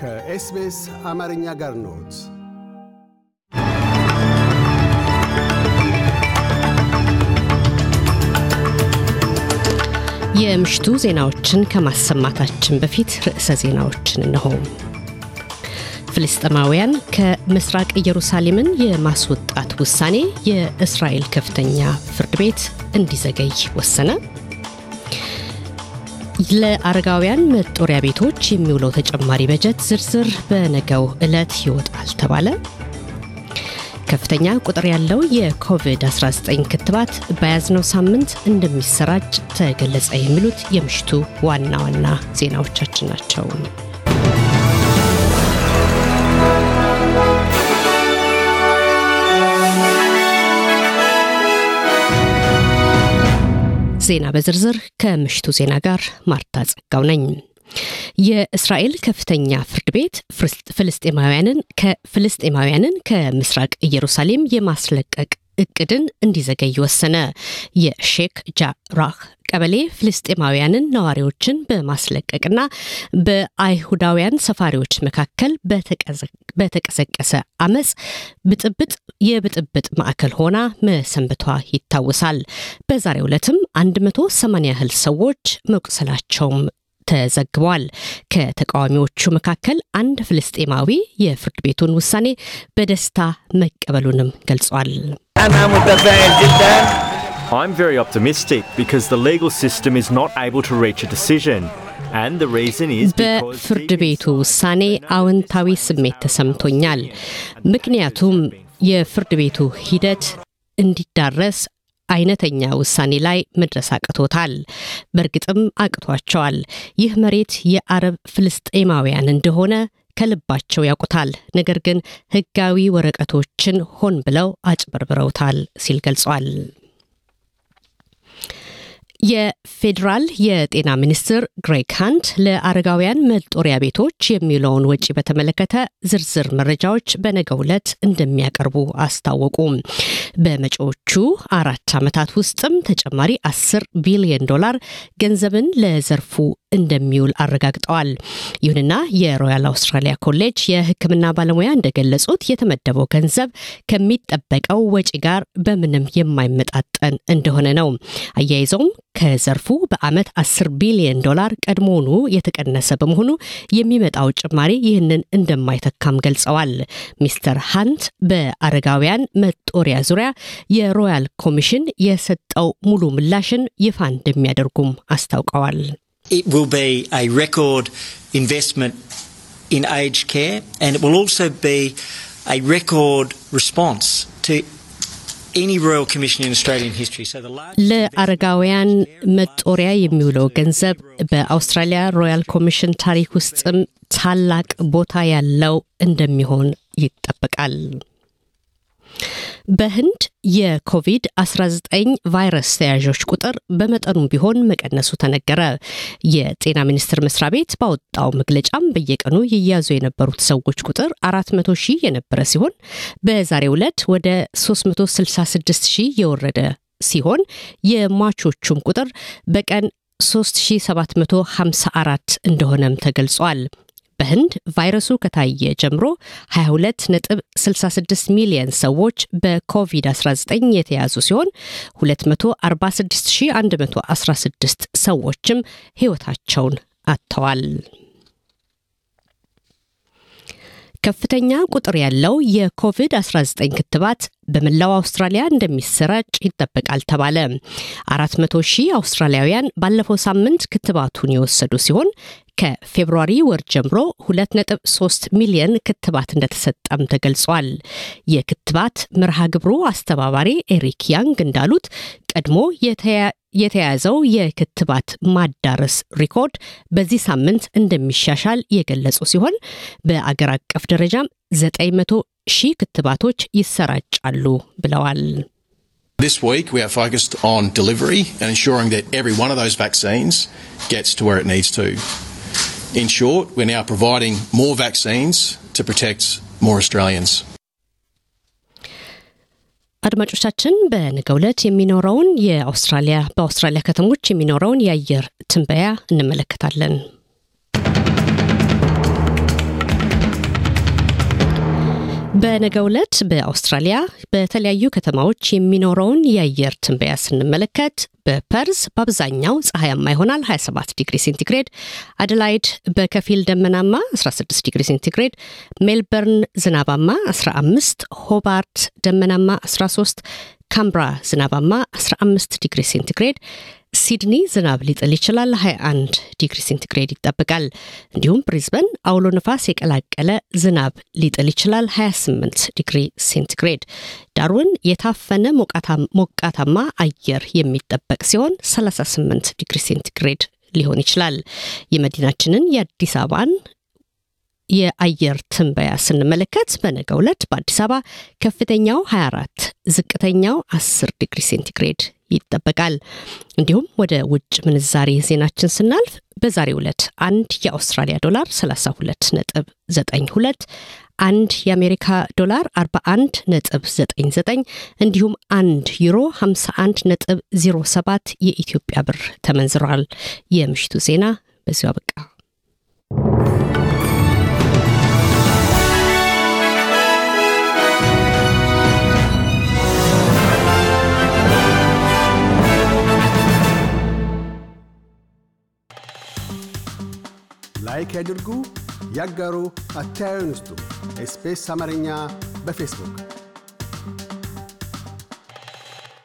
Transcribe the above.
ከኤስቢኤስ አማርኛ ጋር ነት የምሽቱ ዜናዎችን ከማሰማታችን በፊት ርዕሰ ዜናዎችን እነሆ። ፍልስጥማውያን ከምስራቅ ኢየሩሳሌምን የማስወጣት ውሳኔ የእስራኤል ከፍተኛ ፍርድ ቤት እንዲዘገይ ወሰነ። ለአረጋውያን መጦሪያ ቤቶች የሚውለው ተጨማሪ በጀት ዝርዝር በነገው ዕለት ይወጣል ተባለ። ከፍተኛ ቁጥር ያለው የኮቪድ-19 ክትባት በያዝነው ሳምንት እንደሚሰራጭ ተገለጸ። የሚሉት የምሽቱ ዋና ዋና ዜናዎቻችን ናቸው። ዜና በዝርዝር ከምሽቱ ዜና ጋር ማርታ ጸጋው ነኝ። የእስራኤል ከፍተኛ ፍርድ ቤት ፍልስጤማውያንን ከፍልስጤማውያንን ከምስራቅ ኢየሩሳሌም የማስለቀቅ እቅድን እንዲዘገይ ወሰነ። የሼክ ጃራህ ቀበሌ ፍልስጤማውያንን ነዋሪዎችን በማስለቀቅና በአይሁዳውያን ሰፋሪዎች መካከል በተቀሰቀሰ አመፅ ብጥብጥ የብጥብጥ ማዕከል ሆና መሰንበቷ ይታወሳል። በዛሬው ዕለትም 180 ያህል ሰዎች መቁሰላቸውም ተዘግቧል። ከተቃዋሚዎቹ መካከል አንድ ፍልስጤማዊ የፍርድ ቤቱን ውሳኔ በደስታ መቀበሉንም ገልጿል። أنا متفائل جدا I'm very optimistic because the legal system is not able to reach a decision. በፍርድ ቤቱ ውሳኔ አዎንታዊ ስሜት ተሰምቶኛል። ምክንያቱም የፍርድ ቤቱ ሂደት እንዲዳረስ አይነተኛ ውሳኔ ላይ መድረስ አቅቶታል። በእርግጥም አቅቷቸዋል። ይህ መሬት የአረብ ፍልስጤማውያን እንደሆነ ከልባቸው ያውቁታል፣ ነገር ግን ህጋዊ ወረቀቶችን ሆን ብለው አጭበርብረውታል ሲል ገልጿል። የፌዴራል የጤና ሚኒስትር ግሬግ ሃንት ለአረጋውያን መጦሪያ ቤቶች የሚውለውን ወጪ በተመለከተ ዝርዝር መረጃዎች በነገው ዕለት እንደሚያቀርቡ አስታወቁ። በመጪዎቹ አራት ዓመታት ውስጥም ተጨማሪ አስር ቢሊዮን ዶላር ገንዘብን ለዘርፉ እንደሚውል አረጋግጠዋል። ይሁንና የሮያል አውስትራሊያ ኮሌጅ የሕክምና ባለሙያ እንደገለጹት የተመደበው ገንዘብ ከሚጠበቀው ወጪ ጋር በምንም የማይመጣጠን እንደሆነ ነው። አያይዘውም ከዘርፉ በዓመት 10 ቢሊዮን ዶላር ቀድሞውኑ የተቀነሰ በመሆኑ የሚመጣው ጭማሪ ይህንን እንደማይተካም ገልጸዋል። ሚስተር ሃንት በአረጋውያን መጦሪያ ዙሪያ ዙሪያ የሮያል ኮሚሽን የሰጠው ሙሉ ምላሽን ይፋ እንደሚያደርጉም አስታውቀዋል። ለአረጋውያን መጦሪያ የሚውለው ገንዘብ በአውስትራሊያ ሮያል ኮሚሽን ታሪክ ውስጥም ታላቅ ቦታ ያለው እንደሚሆን ይጠበቃል። በህንድ የኮቪድ-19 ቫይረስ ተያዦች ቁጥር በመጠኑም ቢሆን መቀነሱ ተነገረ። የጤና ሚኒስቴር መስሪያ ቤት ባወጣው መግለጫም በየቀኑ ይያዙ የነበሩት ሰዎች ቁጥር 400 ሺህ የነበረ ሲሆን በዛሬው ዕለት ወደ 366 ሺህ የወረደ ሲሆን የሟቾቹም ቁጥር በቀን 3754 እንደሆነም ተገልጿል። በህንድ ቫይረሱ ከታየ ጀምሮ 22.66 ሚሊየን ሰዎች በኮቪድ-19 የተያዙ ሲሆን 246116 ሰዎችም ህይወታቸውን አጥተዋል። ከፍተኛ ቁጥር ያለው የኮቪድ-19 ክትባት በመላው አውስትራሊያ እንደሚሰራጭ ይጠበቃል ተባለ። 400 ሺህ አውስትራሊያውያን ባለፈው ሳምንት ክትባቱን የወሰዱ ሲሆን ከፌብሩዋሪ ወር ጀምሮ 2.3 ሚሊዮን ክትባት እንደተሰጠም ተገልጿል። የክትባት መርሃ ግብሩ አስተባባሪ ኤሪክ ያንግ እንዳሉት ቀድሞ የተያዘው የክትባት ማዳረስ ሪኮርድ በዚህ ሳምንት እንደሚሻሻል የገለጹ ሲሆን በአገር አቀፍ ደረጃም 900 ሺህ ክትባቶች ይሰራጫሉ ብለዋል። This week we are focused on delivery and ensuring that every one of those vaccines gets to where it needs to. In short, we're now providing more vaccines to protect more Australians. አድማጮቻችን በንገ ዕለት የሚኖረውን የአውስትራሊያ በአውስትራሊያ ከተሞች የሚኖረውን የአየር ትንበያ እንመለከታለን። በነገ ዕለት በአውስትራሊያ በተለያዩ ከተማዎች የሚኖረውን የአየር ትንበያ ስንመለከት በፐርዝ በአብዛኛው ፀሐያማ ይሆናል 27 ዲግሪ ሴንቲግሬድ፣ አደላይድ በከፊል ደመናማ 16 ዲግሪ ሴንቲግሬድ፣ ሜልበርን ዝናባማ 15፣ ሆባርት ደመናማ 13፣ ካምብራ ዝናባማ 15 ዲግሪ ሴንቲግሬድ፣ ሲድኒ ዝናብ ሊጥል ይችላል 21 ዲግሪ ሴንቲግሬድ ይጠበቃል። እንዲሁም ብሪዝበን አውሎ ነፋስ የቀላቀለ ዝናብ ሊጥል ይችላል 28 ዲግሪ ሴንቲግሬድ። ዳርዊን የታፈነ ሞቃታማ አየር የሚጠበቅ ሲሆን 38 ዲግሪ ሴንቲግሬድ ሊሆን ይችላል። የመዲናችንን የአዲስ አበባን የአየር ትንበያ ስንመለከት በነገ ሁለት በአዲስ አበባ ከፍተኛው 24 ዝቅተኛው 10 ዲግሪ ሴንቲግሬድ ይጠበቃል። እንዲሁም ወደ ውጭ ምንዛሬ ዜናችን ስናልፍ በዛሬ ሁለት አንድ የአውስትራሊያ ዶላር 32 ነጥብ 92 አንድ የአሜሪካ ዶላር 41 ነጥብ 99 እንዲሁም አንድ ዩሮ 51 ነጥብ 07 የኢትዮጵያ ብር ተመንዝሯል። የምሽቱ ዜና በዚሁ አበቃ። ላይክ ያድርጉ፣ ያጋሩ፣ አስተያየቱን ይስጡ። ኤስፔስ አማርኛ በፌስቡክ